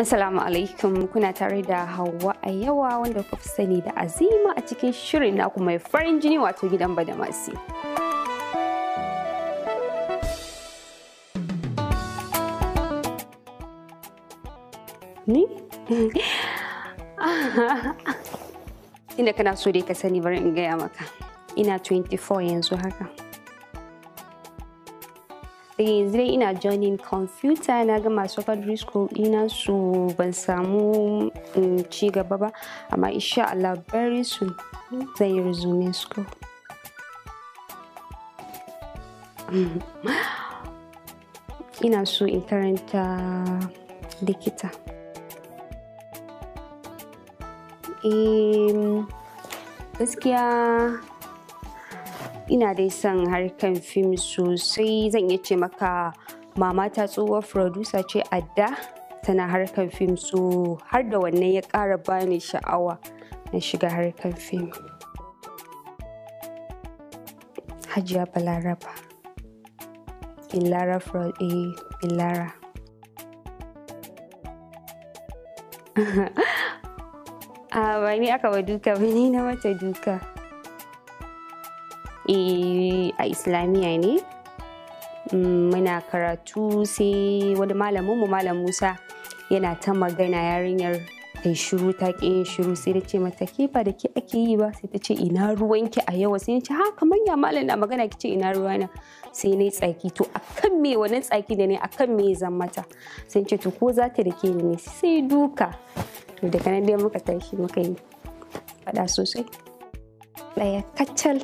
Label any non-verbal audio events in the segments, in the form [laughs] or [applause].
Assalamu alaikum kuna tare da hawa a yawa wanda kuka sani da Azima a cikin shirin naku mai farin jini wato gidan Badamasi. Ni? [laughs] Inda kana so dai ka sani bari in gaya maka. Ina 24 yanzu haka. daga eh, zai ina joining computer na gama secondary school ina su ban samu mm, ci gaba ba amma isha Allah very soon zai resume school [laughs] ina su in karanta likita eh, gaskiya ina dai son harkan fim sosai zan iya ce maka mama ta tsohuwar furodusa ce a tana harkan fim so har da wannan ya kara bani sha'awa na shiga harkan fim hajiya balaraba ilara eh, ilara [laughs] ah, a ni aka ba duka ba ni na mata duka eh a islamiyya ne mm, muna karatu sai wani malamin mu malam musa yana ta magana yarinyar ta shiru ta ƙi yin shiru sai da ce mata ke ba da ke ake yi ba sai ta ce ina ruwanki a yawa sai ce ha kamar ya malam na magana ki ce ina ruwana sai na tsaki to akan me wani tsaki da ne akan me zan mata sai ce to ko za ta da ke ne sai duka to daga nan dai muka tashi muka yi faɗa sosai ɗaya kacal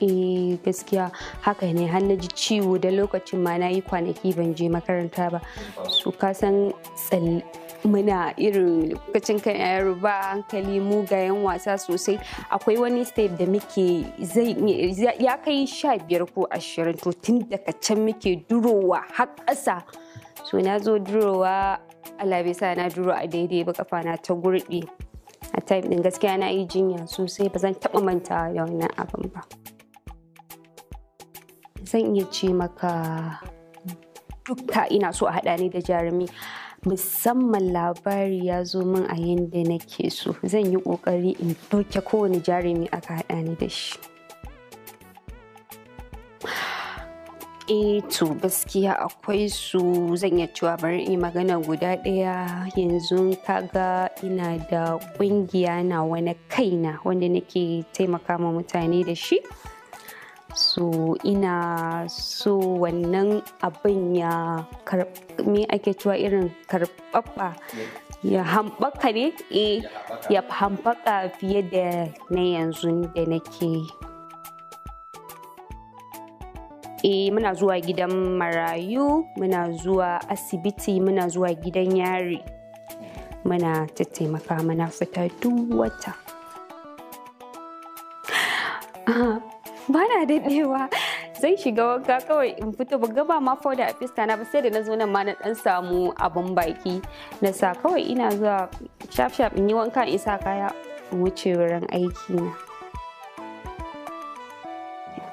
eh gaskiya haka ne har ji ciwo da lokacin ma na yi kwanaki ban je makaranta ba su kasan tsalle muna irin lokacin kan yaro ba hankali mugayen wasa sosai akwai wani state da muke ya kai sha biyar ko ashirin to tun daga can muke durowa har ƙasa so na zo durowa sa na duro a daidai ba kafa na ta gurbi a time din gaskiya na yi jinya sosai ba zan taɓa mantawa da wannan abin ba zan iya ce maka duka ina so a haɗa ni da jarumi musamman labari ya zo min a yadda nake so zan yi kokari in doke kowane jarumi aka haɗa ni da shi eh to gaskiya akwai su zan iya cewa bari in yi magana guda ɗaya yanzu kaga ina da ƙungiya na wani kaina wanda nake taimaka ma mutane da shi so ina so wannan abin ya me ake cewa irin karɓaɓɓa ya hambaka ne eh, ya hambaka fiye da na yanzu da nake eh muna zuwa gidan marayu muna zuwa asibiti muna zuwa gidan yari muna tattaimaka muna fita duk wata ah, ba na daɗewa zai shiga wanka kawai in fito ba gaba ma fauda a fista na ba sai da na zo nan ma na dan samu abin baki na sa kawai ina zuwa shaf shaf in yi wanka in sa kaya in wuce wurin aiki na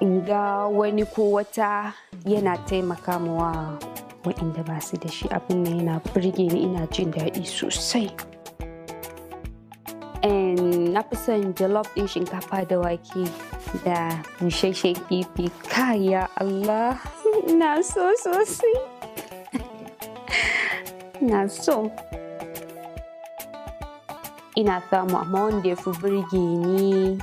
in ga wani ko wata yana taimaka wa waɗanda ba su da shi abin nan yana birge ni ina jin daɗi sosai na fi son jollof ɗin shinkafa da wake da busasshen kifi kaya Allah [laughs] na so sosai [laughs] na so ina samu amma wanda ya fi birge ni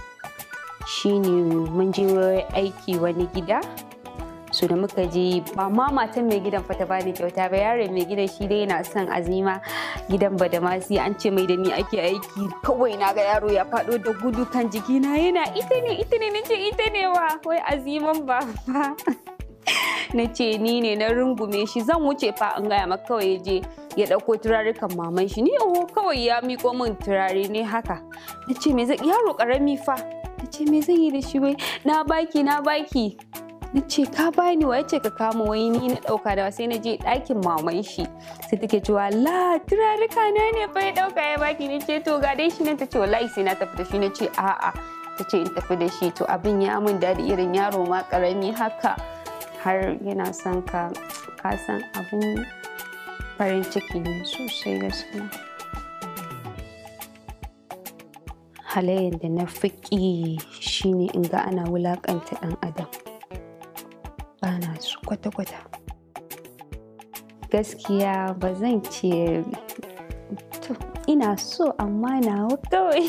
shine mun je aiki wani gida su da muka je ba ma matan mai gidan fata ba ni kyauta ba yare mai gidan shi dai yana son azima gidan ba da masu an ce mai da ni ake aiki kawai na ga yaro ya faɗo da gudu kan jikina yana ita ne ita ne nace ita ne wa wai aziman ba [laughs] na ce ni ne na rungume shi zan wuce fa an gaya maka kawai je ya ɗauko turarikan maman shi ni oho kawai ya miko min turare ne haka na ce me yaro ƙarami fa na ce me zai yi da shi wai na baki na baki na ce ka bani wa ce ka kama wai ni na dauka da sai na je ɗakin maman shi sai take cewa la turarika na ne fa ya dauka ya baki ni ce to ga dai shi na ta ce wallahi sai na tafi da shi na ce a'a ta ce in tafi da shi to abin ya mun daɗi irin yaro ma karami haka har yana son ka ka san abin farin ciki ne sosai gaskiya halayen da na fiƙi shine in ga ana wulaƙanta ɗan adam bana su kwata-kwata gaskiya ba zan ce ina so amma na kawai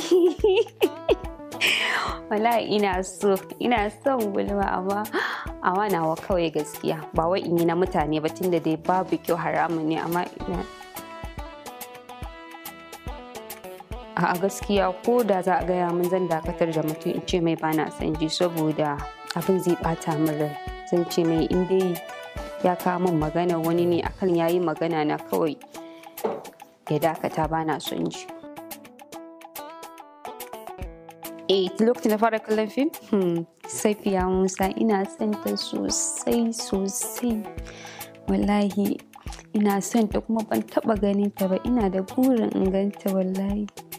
[laughs] wala ina so ina son gulma amma amma nawa kawai gaskiya ba wai in yi na mutane ba tunda dai babu kyau haramun ne amma ina a gaskiya ko da za a gaya mun zan dakatar da mutum in ce mai bana son ji saboda abin zai bata min rai zan ce mai in ya kawo min magana wani ne akan yayi magana na kawai ya dakata bana son ji eh lokacin na fara kallon fim hmm, safiya musa ina son ta sosai sosai wallahi ina son ta kuma ban taba ganin ta ba ina da burin in ganta wallahi